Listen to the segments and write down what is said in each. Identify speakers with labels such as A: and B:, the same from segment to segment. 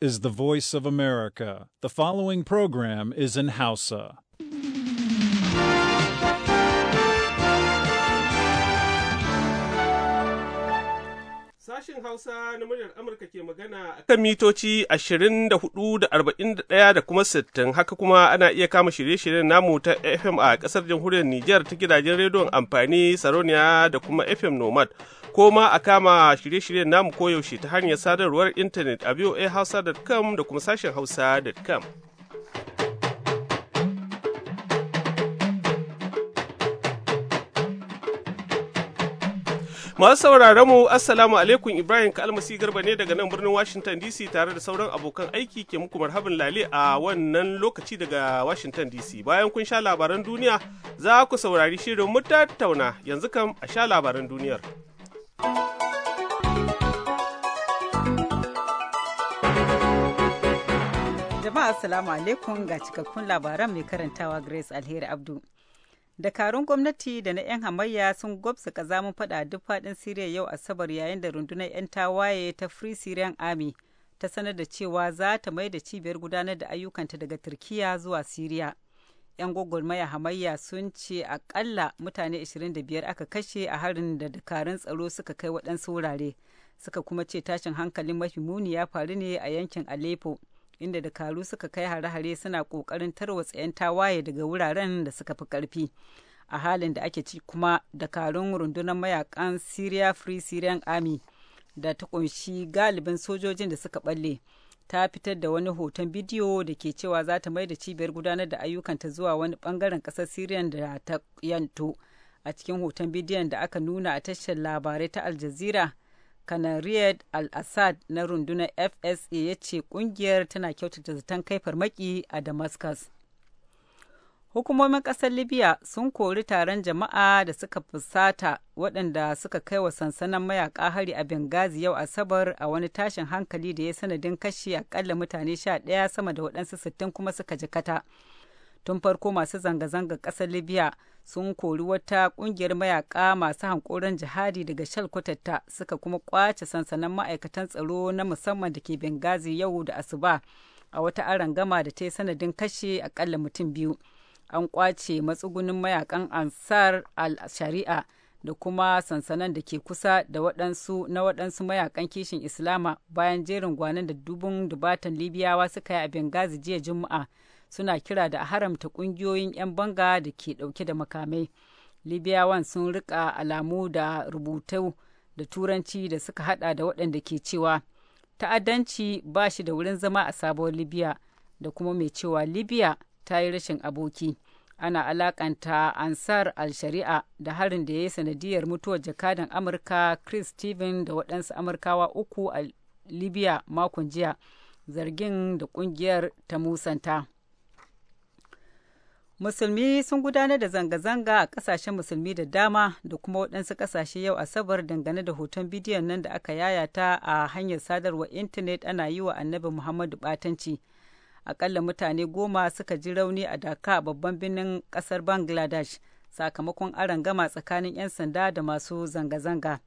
A: is the voice of America. The following program is in Hausa.
B: Sashen Hausa na muryar Amurka ke magana a kan mitoci ashirin da hudu da kuma sittin haka kuma ana iya kama shirye-shiryen namu ta FM a ƙasar jamhuriyar Nijar ta gidajen rediyon amfani Saroniya da kuma FM Nomad. Koma a kama shirye-shiryen namu koyaushe ta hanyar sadarwar intanet a voahausa.com da kuma sashen hausa.com. Masu sauraron mu Assalamu alaikum Ibrahim Kalmasi Garba ne daga nan birnin Washington DC tare da sauran abokan aiki ke muku marhaban lale a wannan lokaci daga Washington DC. Bayan kun sha labaran duniya za ku saurari shirin mu tattauna yanzu kam a sha labaran duniyar.
C: Jama'a Assalamu alaikum ga cikakkun labaran mai karantawa Grace Alheri Abdu. Dakarun gwamnati da na 'yan hamayya sun gwabsa kazamin fada duk faɗin Siriya yau Asabar yayin da rundunar 'yan tawaye ta Free Syrian Army ta sanar da cewa za ta mai da cibiyar gudanar da ayyukanta daga Turkiyya zuwa Siriya. 'yan gwagwarmaya hamayya sun ce akalla mutane 25 aka kashe a harin da dakarun tsaro suka kai waɗansu wurare suka kuma ce tashin hankalin mafi muni ya faru ne a yankin aleppo inda dakaru suka kai hare-hare suna ƙoƙarin tarwatsa 'yan tawaye daga wuraren da suka fi ƙarfi a halin da ake ci kuma dakarun rundunar mayakan syria free syrian army da ta ƙunshi galibin sojojin da suka ɓalle ta fitar da wani hoton bidiyo da ke cewa za ta mai da cibiyar gudanar da ayyukanta zuwa wani bangaren kasar syria da ta yanto a cikin hoton bidiyon da aka nuna a tashar labarai ta al jazeera kanan riyad al-assad na rundunar fsa ya ce kungiyar tana kyautata zaton kai farmaki a damascus Hukumomin ƙasar Libya sun kori taron jama'a da suka fusata waɗanda suka kai wa sansanin mayaƙa hari a Benghazi yau Asabar a wani tashin hankali da ya sanadin kashe akalla mutane sha ɗaya sama da waɗansu sittin kuma suka jikata. Tun farko masu zanga-zangar ƙasar Libya sun kori wata ƙungiyar mayaƙa masu hankoron jihadi daga shalkwatarta suka kuma ƙwace sansanin ma'aikatan tsaro na musamman da ke Benghazi yau da Asuba a wata arangama da ta yi sanadin kashe akalla mutum biyu. an kwace matsugunin mayakan ansar al-shari'a da kuma sansanan da ke kusa da waɗansu na waɗansu mayakan kishin islama bayan jerin gwanan da dubun dubatan libiyawa suka yi a bengazi jiya juma'a suna kira da haramta ƙungiyoyin 'yan banga da ke ɗauke da makamai libiyawan sun rika alamu da rubutu da turanci da suka hada da waɗanda ke cewa ta'addanci ba shi da wurin zama a sabuwar libya da kuma mai cewa libya ta yi rashin aboki ana alakanta ansar al-shari'a da harin da ya yi sanadiyar mutuwar jakadan amurka chris steven da waɗansu amurkawa uku a libya makon jiya zargin da ƙungiyar ta musanta musulmi sun gudanar da zanga-zanga a ƙasashen musulmi da dama da kuma waɗansu ƙasashe yau asabar dangane da hoton bidiyon nan da aka yayata a hanyar sadarwar intanet ana yi wa annabi muhammadu ɓatanci. akalla mutane goma suka ji rauni a daka a babban birnin kasar bangladesh sakamakon gama tsakanin 'yan sanda da masu zanga-zanga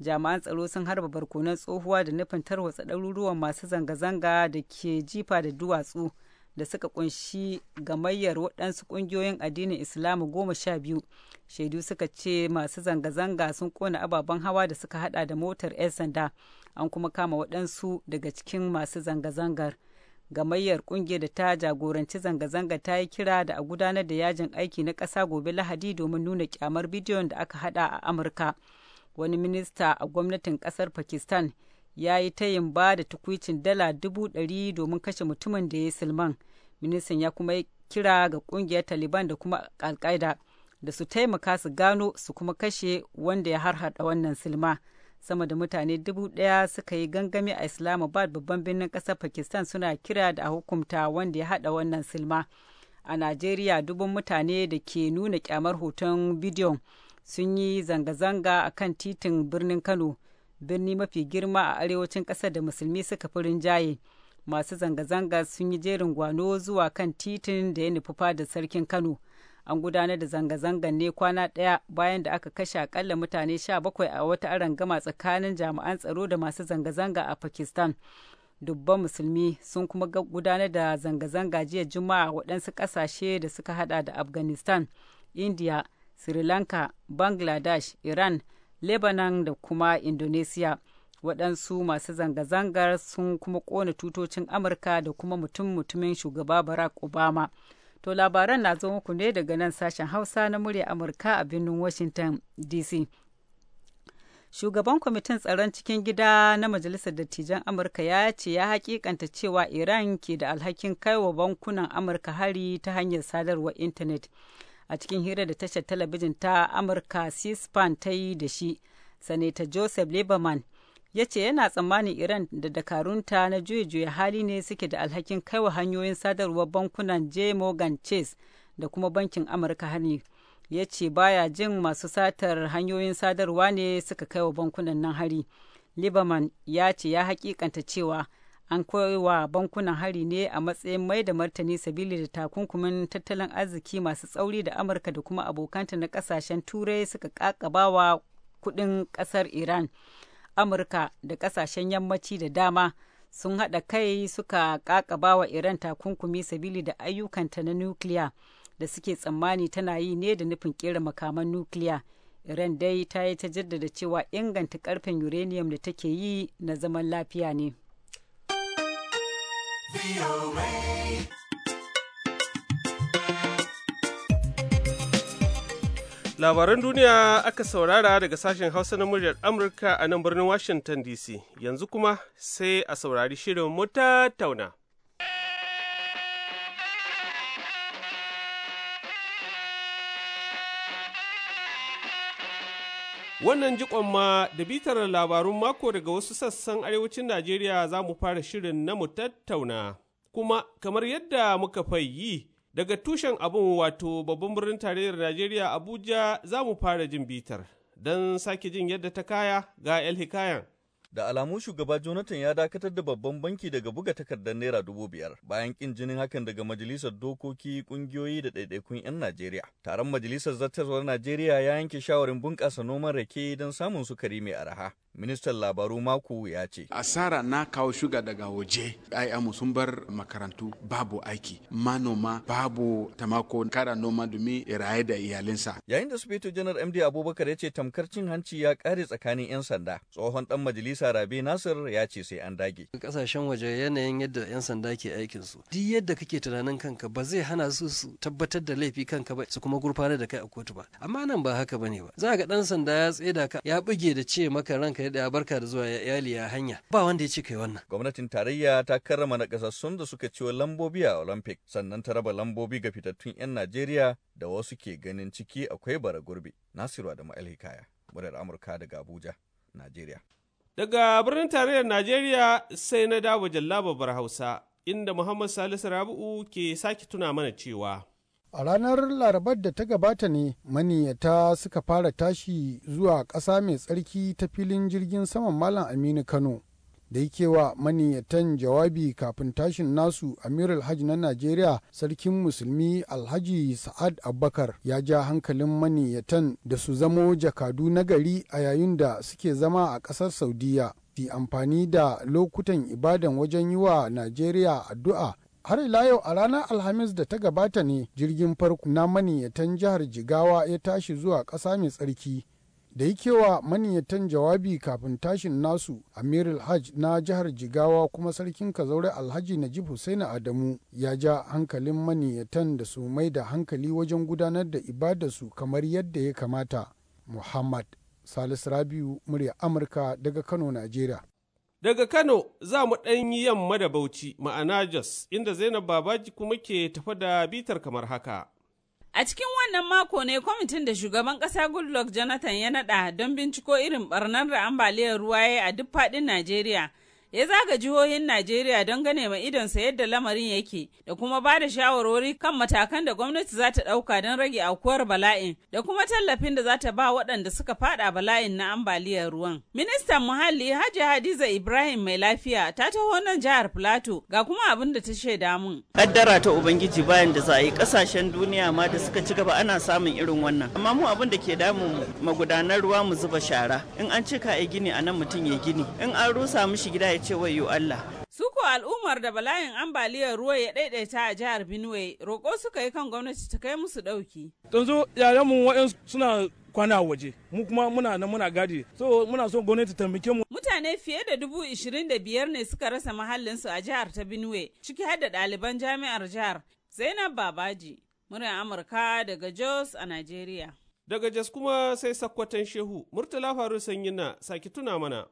C: jami'an tsaro sun harba barkonan tsohuwa da nufin tarwatsa ɗaruruwan masu zanga-zanga da ke jifa da duwatsu da suka kunshi gamayyar waɗansu ƙungiyoyin addinin islamu goma sha biyu shaidu suka ce masu zanga-zanga sun kona ababen hawa da suka hada da motar 'yan sanda an kuma kama waɗansu daga cikin masu zanga-zangar gamayyar kungiyar da ta jagoranci zanga-zanga ta yi kira da a gudanar da yajin aiki na ƙasa gobe lahadi domin nuna kyamar bidiyon da aka hada a amurka wani minista a gwamnatin ƙasar pakistan ya yi tayin ba da tukwicin dala dubu ɗari domin kashe mutumin da ya yi silman ministan ya kuma kira ga kungiyar taliban da kuma alkaida da su taimaka su gano su kuma kashe wanda ya harhaɗa wannan silma. sama da mutane dubu ɗaya suka yi gangami a islamabad babban birnin ƙasar pakistan suna kira da a hukumta wanda ya haɗa wannan silma a najeriya dubun mutane da ke nuna kyamar hoton bidiyon sun yi zanga-zanga a kan titin birnin kano birni mafi girma a arewacin ƙasar da musulmi suka fi rinjaye masu zanga-zanga sun yi jerin gwano zuwa kan titin da ya nufi fadar sarkin kano an gudanar da zanga-zangar ne kwana ɗaya bayan da aka kashe akalla mutane 17 a wata arangama tsakanin jami'an tsaro da masu zanga-zanga a pakistan dubban musulmi sun kuma gudanar da zanga-zanga jiya juma'a waɗansu ƙasashe da suka hada da afghanistan india sri lanka bangladesh iran lebanon da kuma indonesia waɗansu masu zanga-zangar sun kuma ƙona tutocin amurka da kuma mutum-mutumin shugaba barack obama To labaran na zo muku ne daga nan sashen Hausa na murya Amurka a birnin Washington DC. Shugaban kwamitin tsaron cikin gida na Majalisar Dattijan Amurka ya ce ya hakikanta cewa Iran ke da alhakin kaiwa bankunan Amurka hari ta hanyar sadarwar intanet. A cikin hira da tashar talabijin ta Amurka C-SPAN ta yi da shi, Sanata Joseph Lieberman ya ce yana tsammanin iran da dakarunta na juye-juye hali ne suke da alhakin kaiwa hanyoyin sadarwar bankunan j morgan chase da kuma bankin amurka hani. ya ce baya jin masu satar hanyoyin sadarwa ne suka kaiwa bankunan nan hari liberman ya ce ya hakikanta cewa an wa bankunan hari ne a matsayin mai da martani sabili da takunkumin tattalin arziki masu tsauri da amurka da kuma abokanta na kasashen turai suka kakabawa kudin kasar iran amurka da kasashen yammaci da dama sun haɗa kai suka kakaba wa iran takunkumi sabili da ayyukanta na nukiliya da suke tsammani tana yi ne da nufin ƙera makaman nukiliya iran dai ta yi ta jaddada cewa inganta karfin uranium da take yi na zaman lafiya ne.
B: Labaran duniya aka saurara daga sashen Hausa na muryar Amurka a nan birnin Washington DC. Yanzu kuma sai a saurari shirin mu tauna. Wannan jikon ma da bitar labarun mako daga wasu sassan arewacin Najeriya za mu fara shirin na mu tattauna. Kuma kamar yadda muka fayi Daga tushen abin wato babban birnin tarayyar Najeriya Abuja za mu fara jin bitar don sake jin yadda ta kaya ga El Hikayan. Da alamu shugaba Jonathan ya dakatar da babban banki daga buga
D: takardar naira dubu biyar bayan kin jinin hakan daga majalisar dokoki ƙungiyoyi, da ɗaiɗaikun 'yan Najeriya. Taron majalisar zartarwar Najeriya ya yanke shawarin bunƙasa noman rake don samun sukari
A: mai araha. ministan labaru mako ya ce asara na kawo shuga daga waje ayyamu sun bar makarantu babu aiki manoma babu tamako kara noma domin raye da iyalinsa
D: yayin da sufeto janar md abubakar ya ce tamkar cin hanci ya kare tsakanin 'yan sanda tsohon dan majalisa rabe nasir ya ce sai an dage kasashen waje yanayin
E: yadda 'yan sanda ke aikin su duk yadda kake tunanin kanka ba zai hana su su tabbatar da laifi kanka ba su kuma gurfanar da kai a kotu ba amma nan ba haka bane ba za ga dan sanda ya tseda ka ya buge da
D: ce maka ranka ne da barka da zuwa iyali ya hanya ba wanda ya ce kai wannan gwamnatin tarayya ta karrama na nakasassun da suka ciwo lambobi a olympic sannan ta raba lambobi ga fitattun 'yan najeriya da wasu ke ganin ciki akwai bara gurbi nasiru adamu alhikaya muryar amurka daga abuja
B: najeriya daga birnin tarayyar najeriya sai na dawo jallaba bar hausa inda muhammad salisu rabu'u ke sake tuna mana cewa
F: A ranar Larabar da ta gabata ne maniyata suka fara tashi zuwa ƙasa mai tsarki ta filin jirgin saman Malam Aminu Kano. Da yake wa maniyatan jawabi kafin tashin nasu Amir Alhaji na Najeriya sarkin musulmi Alhaji Sa'ad Abubakar ya ja hankalin maniyatan da su zamo jakadu na gari a yayin da suke zama a ƙasar Saudiya. Fi amfani da lokutan ibadan wajen yi wa Najeriya addu'a har ila yau a ranar alhamis da ta gabata ne jirgin farko na maniyyatan jihar jigawa ya tashi zuwa ƙasa mai tsarki da yake wa maniyatan jawabi kafin tashin nasu amirul hajj na jihar jigawa kuma sarkin kazaure alhaji najib husaini adamu ya ja hankalin maniyatan da su mai da hankali wajen gudanar da ibadarsu kamar yadda ya kamata muhammad salis rabiu murya amurka daga kano najeriya
B: Daga Kano za mu ɗan yi yamma da Bauchi ma'ana Jos inda Zainab Babaji kuma ke tafa da bitar kamar haka.
G: A cikin wannan mako ne kwamitin da shugaban ƙasa Goodluck Jonathan ya naɗa don binciko irin ɓarnar da ambaliyar ruwa ya a duk faɗin Najeriya. ya zaga jihohin Najeriya don gane ma idonsa yadda lamarin yake da kuma ba da shawarwari kan matakan da gwamnati za ta ɗauka don rage aukuwar bala'in da kuma tallafin da za ta ba waɗanda suka fada bala'in na ambaliyar ruwan. Ministan muhalli Hajji Hadiza Ibrahim mai lafiya ta taho nan jihar Plateau ga kuma abin da ta shaida mun. Kaddara ta Ubangiji bayan da za a yi ƙasashen duniya ma da suka ci gaba ana samun irin wannan. Amma mu abin da ke damun magudanar ruwa mu zuba shara. In an cika a gini a nan mutum ya gini. In an rusa mishi gida ya ya ce wayo Allah. Suko al'ummar da bala'in ambaliyar ruwa ya daidaita a jihar Benue roƙo suka yi kan gwamnati ta kai musu ɗauki.
B: Yanzu yayanmu suna kwana waje mu kuma muna nan muna gadi so
G: muna son gwamnati taimake mu mutane fiye da dubu ishirin da biyar ne suka rasa mahallinsu a jihar ta Benue ciki har da ɗaliban jami'ar jihar Zainab Babaji muryar Amurka daga Jos a Najeriya
B: daga Jos kuma sai sakkwatan Shehu Murtala Faru Sanyina saki tuna mana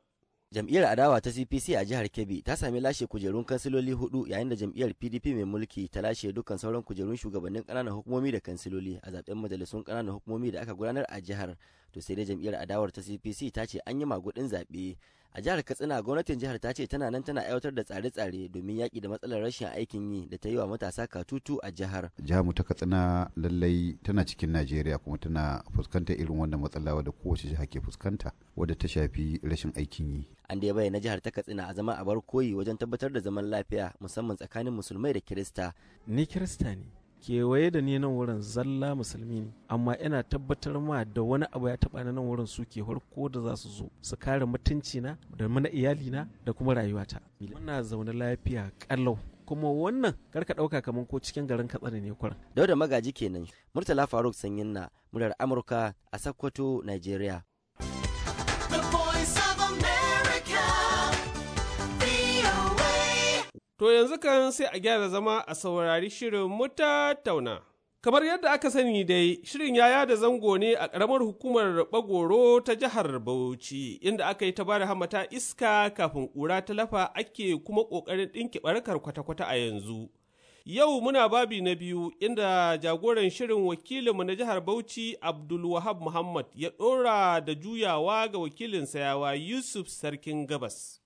H: Jam'iyyar adawa ta CPC a jihar Kebbi ta sami lashe kujerun kansiloli hudu yayin da jam'iyyar PDP mai mulki ta lashe dukkan sauran kujerun shugabannin kananan hukumomi da kansiloli a zaben majalisun kananan hukumomi da aka gudanar a jihar. To sai dai jam'iyyar adawar ta CPC ta ce an yi magudin zaɓe a jihar katsina gwamnatin jihar ta ce tana nan tana aiwatar da tsare-tsare domin yaƙi da matsalar rashin aikin yi da ta yi wa matasa katutu a jihar
F: jihar ta katsina lallai tana cikin najeriya kuma tana fuskantar irin wannan matsala wadda kowace jiha ke fuskanta wadda ta shafi rashin aikin yi
H: an da bayyana jihar ta katsina a zama abar koyi wajen tabbatar da zaman lafiya
B: musamman tsakanin musulmai da kirista ni kirista ne kewaye da ni nan wurin zalla musulmi ne amma ina tabbatar ma da wani abu ya taba nan wurin su ke harko da za su zo su kare mutunci na da mana iyali na da kuma rayuwata muna zaune lafiya kallau kuma wannan kar ka dauka kamar ko cikin garin katsina ne kwarin
H: dauda magaji kenan murtala faruk sanyin na murar amurka a sakkwato nigeria
B: To yanzu kan sai a gyara zama a saurari shirin mu tattauna. Kamar yadda aka sani dai, shirin ya yada zango ne a ƙaramar hukumar Bagoro ta jihar Bauchi, inda aka yi ta bada hamata iska kafin ƙura ta lafa ake kuma ƙoƙarin ɗinki ɓarkar kwata-kwata a yanzu. Yau muna babi na biyu inda jagoran shirin wakilinmu na jihar Bauchi Abdulwahab Muhammad ya ɗora da juyawa ga wakilin sayawa Yusuf Sarkin Gabas.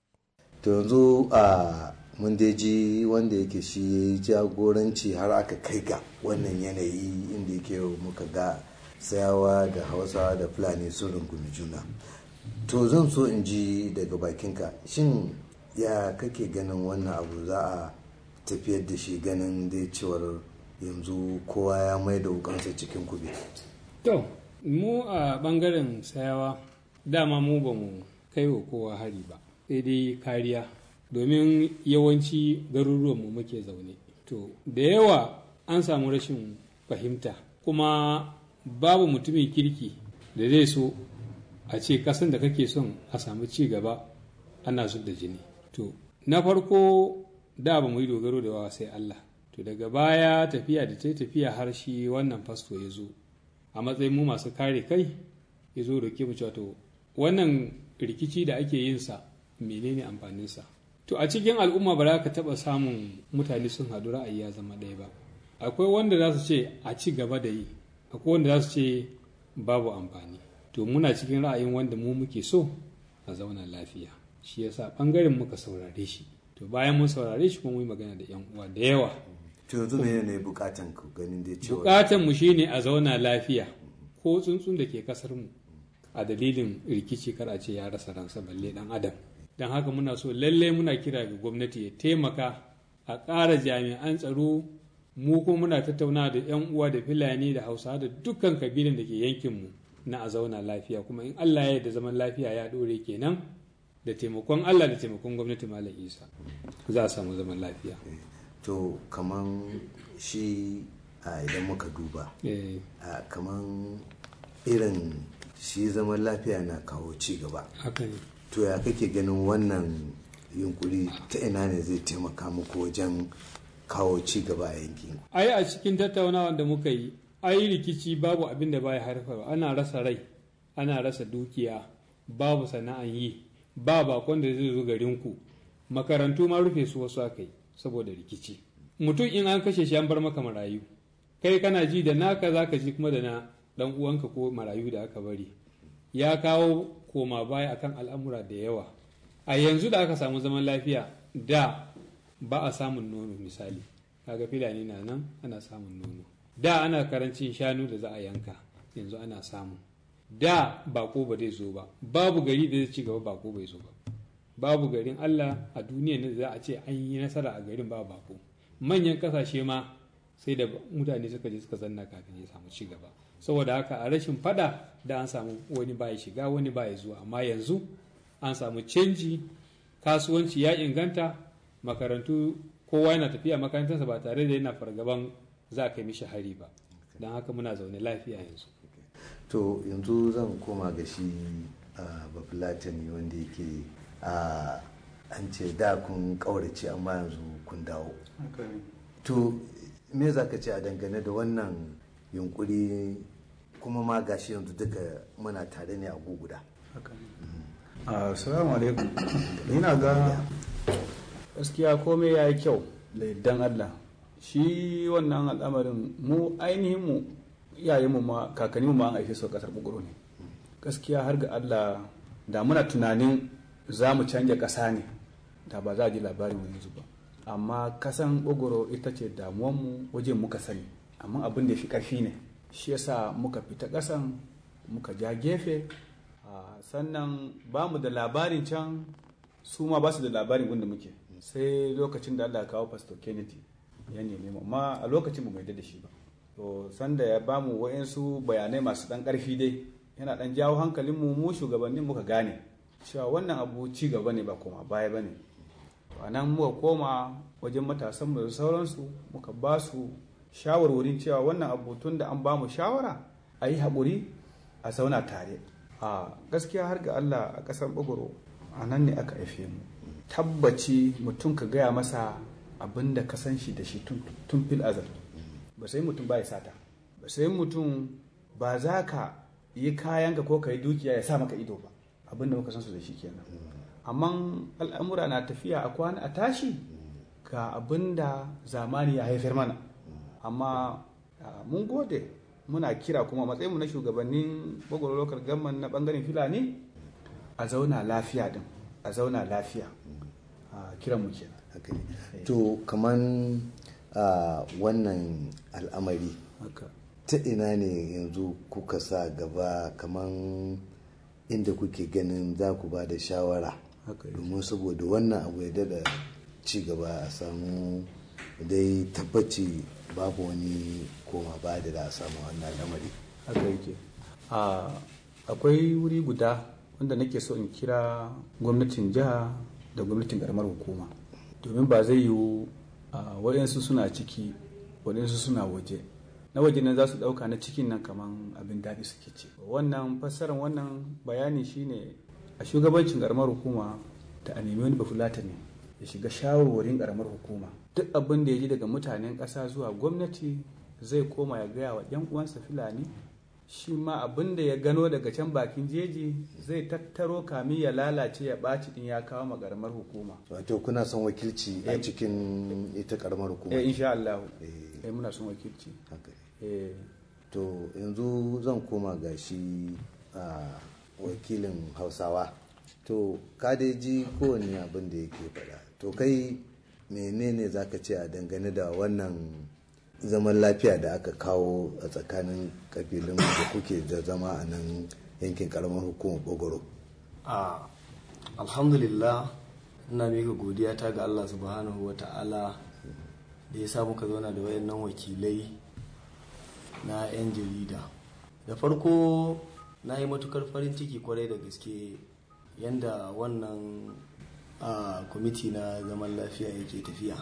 I: To yanzu a ah, mun dai ji wanda yake shi ya yi jagoranci har aka kai ga wannan yanayi inda yake muka ga sayawa da hausa da fulani sun rungumi juna to zan so in ji daga bakinka shin ya kake ganin wannan abu za a tafiyar da shi ganin dai cewar yanzu kowa ya mai da wukansa cikin kube
E: to mu a bangaren sayawa dama mu ba mu kai wa kowa hari ba sai dai kariya domin yawanci garuruwanmu muke zaune to da yawa an samu rashin fahimta kuma babu mutumin kirki da zai so a ce kasan da kake son a samu ci gaba ana zub da jini to na farko da ba mu yi dogaro da wa sai Allah to daga baya tafiya da ta tafiya har shi wannan fasto ya zo a matsayin mu masu kare kai ya zo ke mu cewa to wannan rikici da ake yin sa menene amfaninsa to a cikin al'umma ba za ka taɓa samun mutane sun haɗu ra'ayi ya zama ɗaya ba akwai wanda za su ce a ci gaba da yi akwai wanda za su ce babu amfani to muna cikin ra'ayin wanda mu muke so a zauna lafiya shi yasa ɓangaren muka saurare shi to bayan mun saurare shi kuma mu yi magana da yan uwa da yawa
I: to yanzu me ne bukatan ku ganin dai cewa bukatan
E: mu shine a zauna lafiya ko tsuntsun da ke kasar mu a dalilin rikici kar a ce ya rasa ransa balle dan adam don haka muna so lalle muna kira ga gwamnati ya taimaka a ƙara jami'an tsaro mu ko muna tattauna da 'yan uwa da filani da hausa da dukkan kabilan da ke yankinmu na a zauna lafiya kuma in allah ya da zaman lafiya ya ɗore kenan da taimakon allah da taimakon gwamnati malam isa
I: za a samu zaman lafiya eh, to kamar shi idan muka duba eh. kamar irin shi zaman lafiya na kawo ci gaba to ya kake ganin wannan yunkuri ta ina ne zai taimaka muku wajen kawo ci gaba a yankin
E: ai a cikin tattaunawa da muka yi ai rikici babu abin da baya haifarwa ana rasa rai ana rasa dukiya babu sana'an yi ba bakon da zai zo garin ku makarantu ma rufe su wasu aka yi saboda rikici mutum in an kashe shi an bar maka marayu kai kana ji da naka zaka ji kuma da na dan uwanka ko marayu da aka bari ya kawo koma baya akan al'amura da yawa a yanzu da aka samu zaman lafiya da ba a samun nono misali kaga filani na nan ana samun nono da ana karancin shanu da za a yanka yanzu ana samu da bako ba zai zo ba babu gari da zai ci gaba bako bai zo ba babu garin Allah a duniya ne za a ce an yi nasara a garin ba bako manyan kasashe ma sai da mutane suka je suka zanna kafin ya samu ci gaba saboda haka a rashin fada da an samu wani baya shiga wani baya zuwa amma yanzu an samu canji kasuwanci ya inganta makarantu kowa yana tafiya makarantarsa ba tare da yana fargaban za ka mishi hari ba don haka muna zaune lafiya yanzu
I: to yanzu zan koma ga shi bafulatani wanda yake an ce da kun kaurace amma yanzu kun dawo to me za ka ce a dangane da wannan yunkuri kuma ma gashi yanzu duka muna tare ne a guguda
A: ah, assalamu alaikum ina ga
I: gaskiya komai ya yi kyau
H: da
A: yardan allah shi wannan al'amarin mu ainihin mu mu ma mu ma an haife su kasar buguro ne gaskiya har ga allah da muna tunanin za mu canja ƙasa ne da ba za a ji labarin yanzu ba amma kasan buguro ita ce mu wajen muka sani amma abin da ya fi ƙarfi ne shi yasa muka fita kasan muka ja gefe sannan ba mu da labarin can su ma ba su da labarin gunda muke sai lokacin da allah kawo pastor kennedy ya nemi mu amma a lokacin mu mai da shi ba to sanda ya ba mu wa'insu bayanai masu ɗan karfi dai yana ɗan jawo hankalin mu mu shugabannin muka gane cewa wannan abu ci gaba ne ba koma baya ba ne a nan muka koma wajen matasanmu da sauransu muka ba su shawarwarin cewa wannan abutun da an ba mu shawara a yi haƙuri a zauna tare a gaskiya har ga allah a ƙasar ɓagoro a nan ne aka haife mu tabbaci mutum ka gaya masa abin da ka san shi da shi tun fil azal ba sai mutum ba ya sata ba sai mutum ba za ka yi kayanka ko ka yi dukiya ya sa maka ido ba abin da muka san su da shi kenan amma al'amura na tafiya a kwana a tashi ga abin da zamani ya haifar mana amma mun gode muna kira kuma matsayinmu na shugabannin bagwaro lokar gamman na bangaren fulani a zauna lafiya din a zauna lafiya kiran muke.
I: to kaman wannan al'amari ta ina ne yanzu kuka sa gaba kaman inda kuke ganin za ku ba da shawara domin saboda wannan abu ya dada ci gaba a samu dai tabbaci babu wani koma ba da da a samu wannan lamari haka yake
A: akwai wuri guda wanda nake so in kira gwamnatin jiha da gwamnatin karamar hukuma domin ba zai yiwu waɗansu suna ciki waɗansu suna waje na waje nan za su ɗauka na cikin nan kaman abin daɗi suke ce wannan fassarar wannan bayani shine a shugabancin karamar hukuma da a nemi wani bafulata ne ya shiga shawarwarin karamar hukuma duk abin da ya ji daga mutanen ƙasa zuwa gwamnati zai koma ya gaya wa 'yan uwansa fulani shi ma abin da ya gano daga can bakin jeji zai tattaro kamin ya lalace ya ɓaci din ya kawo ma karamar hukuma
I: wato kuna son wakilci a eh. cikin ita karamar hukuma eh insha Allah eh.
A: eh muna son wakilci
I: eh to yanzu zan koma ga shi a wakilin Hausawa to ka dai ji kowanne abin da yake faɗa to kai menene za ka ce a dangane da wannan zaman lafiya da aka kawo a tsakanin kabilun da kuke da zama a nan yankin karamar hukumar bogoro
H: a alhamdulillah ina mika godiya ta ga allah subhanahu wa ta'ala da ya sa muka zauna da wayannan wakilai na 'yan jarida da farko na yi matukar farin ciki kwarai da gaske yadda wannan a kwamiti na zaman lafiya yake tafiya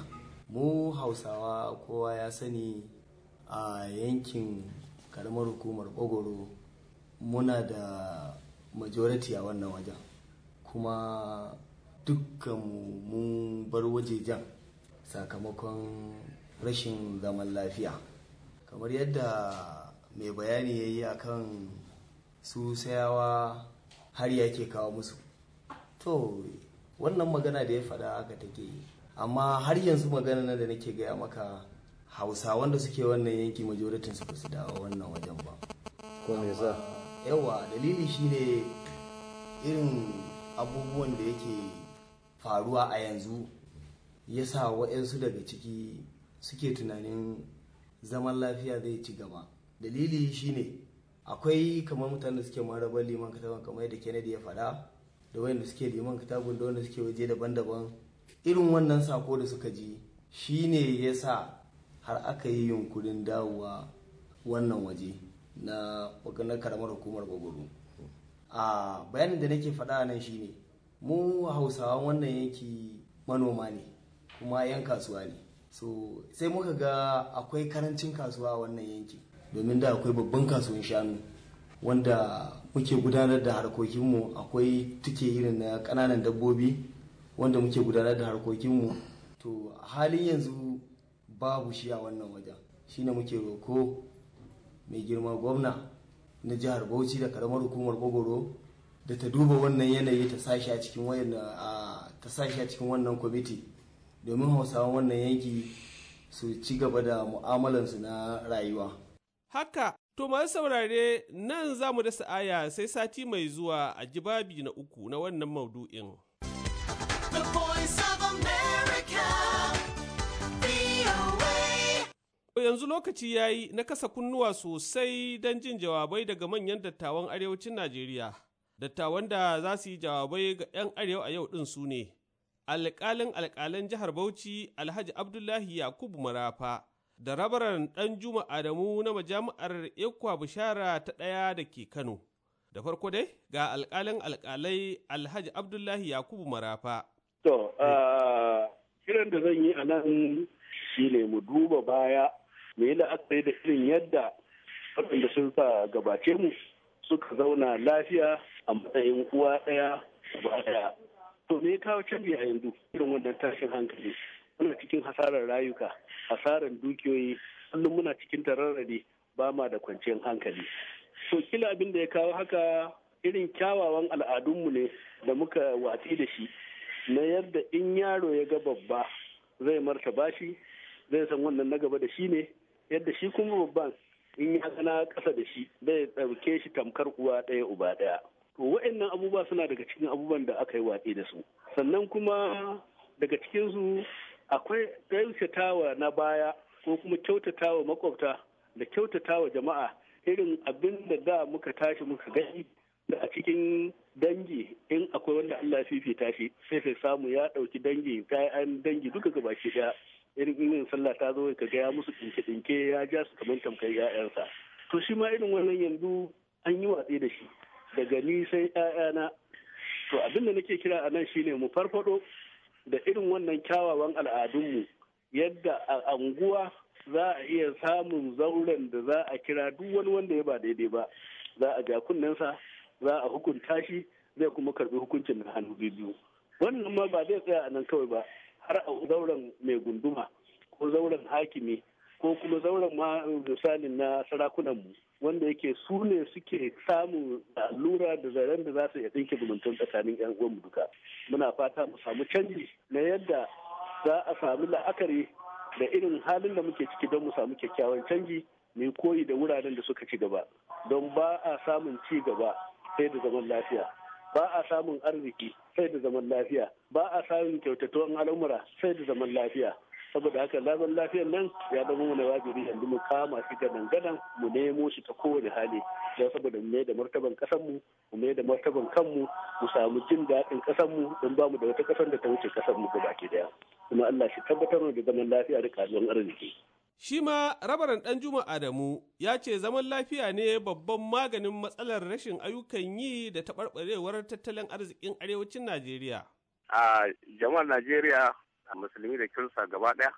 H: mu hausawa kowa ya sani a yankin karamar hukumar ogoro muna da majority a wannan wajen kuma dukkanmu mun bar wajejen sakamakon rashin zaman lafiya kamar yadda mai bayani ya yi akan su sayawa har yake kawo musu to wannan magana da ya faɗa haka take yi amma har yanzu magana da nake gaya maka hausa wanda suke wannan yanki majoritin su su dawo wannan wajen ba ko me yasa yawa dalili shine irin abubuwan da yake faruwa a yanzu ya sa waɗansu daga ciki suke tunanin zaman lafiya zai ci gaba dalili shine akwai kamar mutane suke marabar liman kamar yadda kennedy ya faɗa da wayanda suke liman katabun da wanda suke waje daban-daban irin wannan sako da suka ji ne ya sa har aka yi yunkurin dawowa wannan waje na maganar karamar hukumar gwagwaro a bayanin da nake faɗa nan shine mu Hausawa wannan yanki manoma ne kuma 'yan kasuwa ne so sai muka ga akwai karancin kasuwa a wannan yanki domin da akwai babban kasuwan shanu wanda muke gudanar da harkokinmu akwai tuke irin na ƙananan dabbobi wanda muke gudanar da harkokinmu to halin yanzu babu shi a wannan wajen shine muke roko mai girma gwamna na jihar bauchi da karamar hukumar bogoro da ta duba wannan yanayi ta sashi a cikin wannan kwamiti domin hausawa wannan yanki su ci gaba da mu'amalansu na rayuwa
B: haka To masu saurare nan za mu dasa aya sai sati mai zuwa a Jibabi na uku na wannan maudu'in. Yanzu lokaci ya yi na kasa kunnuwa sosai don jin jawabai daga manyan dattawan arewacin Najeriya. Dattawan da za su yi jawabai ga 'yan arewa a yau ɗin su ne, alƙalin alƙalan jihar Bauchi Alhaji Abdullahi Yakubu Marafa. da rabarar ɗan Juma Adamu na majami'ar Ikwa Bishara ta ɗaya da ke Kano. Da farko dai ga alƙalin alƙalai Alhaji Abdullahi Yakubu Marafa.
D: To, kiran da zan yi a nan shi ne mu duba baya mu yi la'akari da irin yadda waɗanda sun sa gabace mu suka zauna lafiya a matsayin uwa ɗaya ba ɗaya. To me kawo canji a yanzu irin wannan tashin hankali. muna cikin hasarar rayuka hasarar dukiyoyi kullum muna cikin tararrade ba ma da kwanciyar hankali so kila abin da ya kawo haka irin kyawawan al'adunmu ne da muka watsi da shi na yadda in yaro ya ga babba zai marta bashi. zai san wannan na gaba da shi ne yadda shi kuma babban in ya gana kasa da shi zai ɗauke shi tamkar uwa ɗaya uba ɗaya to wa'annan abubuwa suna daga cikin abubuwan da aka yi watsi da su sannan kuma daga cikinsu akwai kyautatawa na baya ko kuma kyautatawa makwabta da kyautatawa jama'a irin abin da da muka tashi muka gani da a cikin dangi in akwai wanda Allah fifita shi sai sai samu ya ɗauki dangi kayan dangi duka gaba shi ɗaya irin irin sallah ta zo ka gaya musu ɗinke ɗinke ya ja su kamar tamkar ya'yansa to shi ma irin wannan yanzu an yi watsi da shi daga ni sai ‘ya'yana to abin da nake kira a nan shine mu farfado da irin wannan kyawawan al'adunmu yadda a anguwa za a iya samun zauren da za a kira duk wani wanda ya ba daidai ba za a ja kunnensa za a hukunta shi zai kuma karbi hukuncin na hannu biyu wannan ma ba zai tsaya a nan kawai ba har a zauren mai gunduma ko zauren hakimi ko kuma zauren ma misalin na sarakunanmu wanda yake su ne suke samun allura da zaren da za su iya ɗinke zumuntun tsakanin 'yan uwanmu duka muna fata mu samu canji na yadda za a samu la'akari da irin halin da muke ciki don mu samu kyakkyawan canji mai koyi da wuraren da suka ci gaba don ba a samun ci gaba sai da zaman lafiya ba a samun arziki sai da zaman lafiya ba a samun kyautatuwan al'umura sai da zaman lafiya saboda haka labar lafiyar nan ya zama mana wajibi yanzu mu kama shi ga gadan mu nemo shi ta kowane hali don saboda mu da martaban kasar mu mu mai da martaban kanmu mu samu jin daɗin kasar mu don mu da wata kasar da ta wuce kasar mu ga baki daya kuma Allah shi tabbatar da zaman lafiya da kasuwan arziki
B: Shi ma rabaran ɗan Juma Adamu ya ce zaman lafiya ne babban maganin matsalar rashin ayyukan yi da taɓarɓarewar tattalin arzikin arewacin Najeriya.
J: A jama'ar Najeriya A musulmi da kirista gaba ɗaya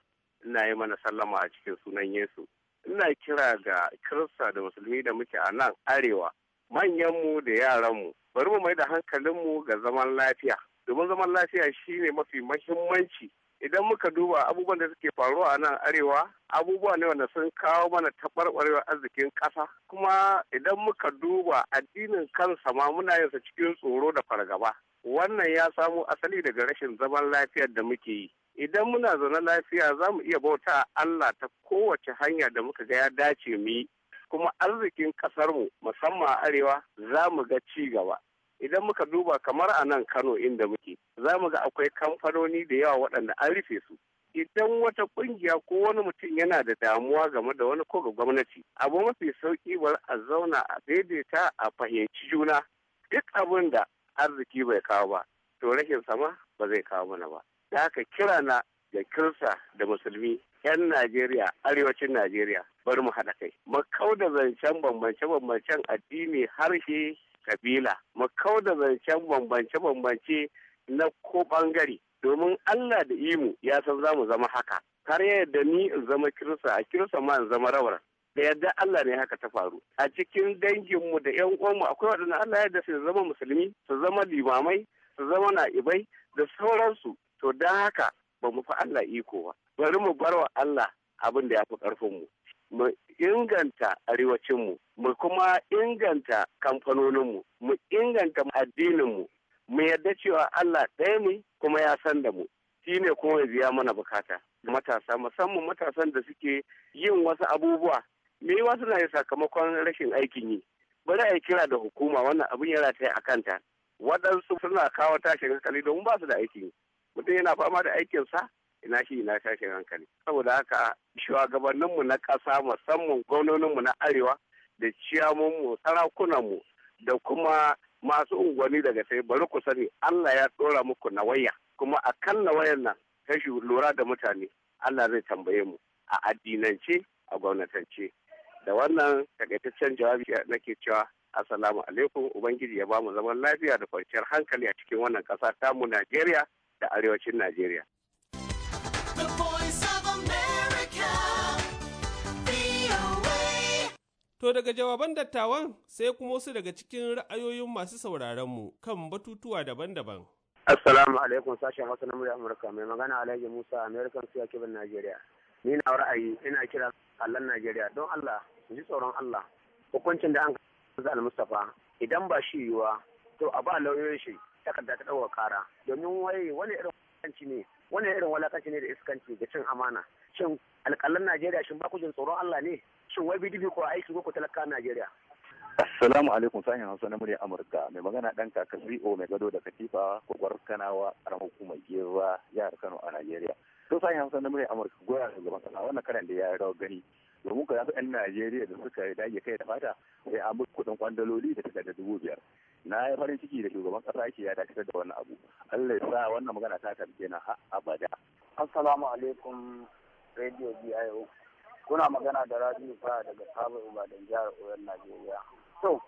J: ina yi mana sallama a cikin sunan yesu ina kira ga kirista da musulmi da muke a nan arewa manyanmu da yaranmu bari mu mai da hankalinmu ga zaman lafiya domin zaman lafiya shine mafi mahimmanci idan muka duba abubuwan da suke faruwa a nan arewa abubuwa ne wanda sun kawo mana taɓarɓarewar arzikin ƙasa kuma idan muka duba addinin kansa ma muna yinsa cikin tsoro da fargaba wannan ya samo asali daga rashin zaman lafiyar da muke yi idan muna zaune lafiya za mu iya bauta Allah ta kowace hanya da muka ga ya dace mu yi kuma arzikin ƙasarmu musamman arewa za mu ga ci gaba idan muka duba kamar a nan kano inda muke za mu ga akwai kamfanoni da yawa waɗanda an rufe su idan wata ƙungiya ko wani mutum yana da damuwa game da wani ko ga gwamnati abu mafi sauki bar a zauna a daidaita a fahimci juna duk abin da arziki bai kawo ba to rashin sama ba zai kawo mana ba da haka kira na da kirsa da musulmi 'yan Najeriya, arewacin Najeriya, bari mu haɗa kai. Mu da zancen bambance-bambancen addini harshe kabila, mu da zancen bambance-bambance na ko ɓangare, domin Allah da imu ya san za mu zama haka. Har yadda ni in zama kirsa, a kirsa ma in zama rawar. Da yadda Allah ne haka ta faru. A cikin danginmu da 'yan uwanmu akwai waɗanda Allah ya yadda su zama musulmi, su zama limamai, su zama na'ibai da sauransu. to don haka ba mu fi Allah iko ba bari mu bar wa Allah abin da ya fi ƙarfinmu mu mu inganta arewacinmu mu kuma inganta kamfanoninmu mu inganta addinin mu yadda cewa Allah ɗaya ne kuma ya san da mu shi ne kuma ya biya mana bukata matasa musamman matasan da suke yin wasu abubuwa me yi wasu na sakamakon rashin aikin yi bari a yi kira da hukuma wannan abin yana ta a kanta waɗansu suna kawo tashin hankali domin ba su da aikin yi mutum yana fama da aikinsa ina shi ina tashin hankali saboda haka mu na ƙasa musamman gwamnonin mu na arewa da sarakunan mu da kuma masu unguwanni daga sai bari ku sani Allah ya dora muku nawaya kuma a kan nawayan nan kashi lura da mutane Allah zai tambaye mu a addinance a gwamnatance da wannan takaitaccen jawabi nake cewa assalamu alaikum ubangiji ya bamu zaman lafiya da kwanciyar hankali a cikin wannan ƙasa tamu Najeriya da arewacin Najeriya.
B: To daga jawaban dattawan sai kuma wasu daga cikin ra'ayoyin masu sauraronmu kan batutuwa daban-daban.
J: Assalamu alaikum sashen Hausa na murya Amurka mai magana Alhaji Musa American Suya Kibin Najeriya. Ni na ra'ayi ina kira Allah Najeriya don Allah su ji tsoron Allah hukuncin
D: da an kaza al Mustapha idan ba shi yiwuwa to a ba lauyoyin shi takarda ta ɗaukar kara domin wai wani irin ne wani irin walakanci ne da iskanci da cin amana shin alƙalan Najeriya shin ba ku jin tsoron Allah ne shin wai bidibi ko aiki ko ku talaka Najeriya
J: Assalamu alaikum sahin Hausa na murya Amurka mai magana dan kaka e o mai gado da Katifa kokar Kanawa a hukumar Gera jihar Kano a Najeriya to sahin Hausa na murya Amurka goya shugaban kasa wannan karan da ya rawar gani domin ku zasu 'yan Najeriya da suka dage kai da fata sai an muku kwandaloli da takardar dubu biyar na yi farin ciki da shugaban kasa yake ya dakatar da wani abu Allah ya sa wannan magana ta karfe na abada assalamu alaikum radio bio kuna magana da radio fa daga sabon ibadan jihar oyan najeriya to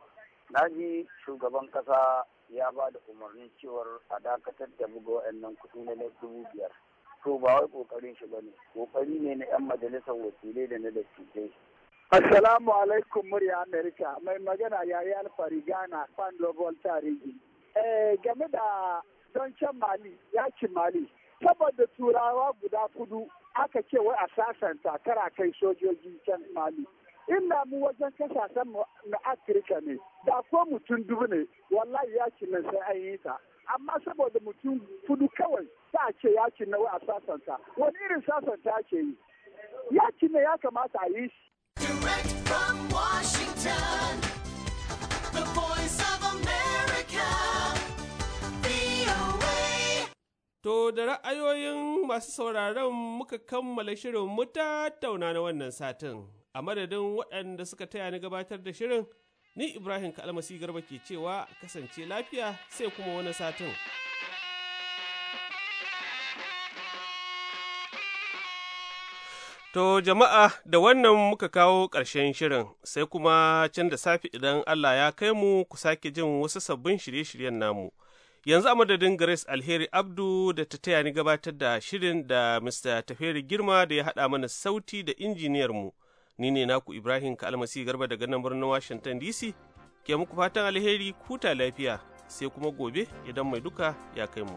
D: na ji shugaban kasa ya ba da umarnin cewar a dakatar da buga wa'annan kuɗi na dubu biyar to ba wai kokarin shi ne. kokari
J: ne na yan majalisar wakilai da na dattijai Assalamu alaikum murya Amerika mai magana yayi alfari Ghana fan global tarihi. Eh, game da don mali Mali, yakin Mali, saboda turawa guda kudu aka ce wai a sasanta kara kai sojoji can Mali. Illa mu wajen kasashen na Afirka ne, da ko mutum dubu ne, wallahi yakin nan sai an yi ta. Amma saboda mutum kudu kawai ta ce yakin na wai a sasanta, wani irin sasanta ce yi. Yakin ne ya kamata a yi shi.
G: Direct from Washington, the voice of America, VOA.
B: To da ra'ayoyin masu sauraron muka kammala shirin mu tattauna na wannan satin. A madadin waɗanda suka taya ni gabatar da shirin, ni Ibrahim Kalmasi Garba ke cewa kasance lafiya sai kuma wani satin. To jama'a da wannan muka kawo ƙarshen shirin sai kuma can da safe idan Allah ya kai mu ku sake jin wasu sabbin shirye-shiryen namu. Yanzu a madadin Grace Alheri Abdu da ta taya ni gabatar da shirin da Mr. Taferi Girma da ya haɗa mana sauti da injiniyar mu. Ni ne naku Ibrahim Kalmasi Garba daga nan birnin Washington DC. Ke muku fatan alheri kuta lafiya sai kuma gobe idan mai duka ya kai mu.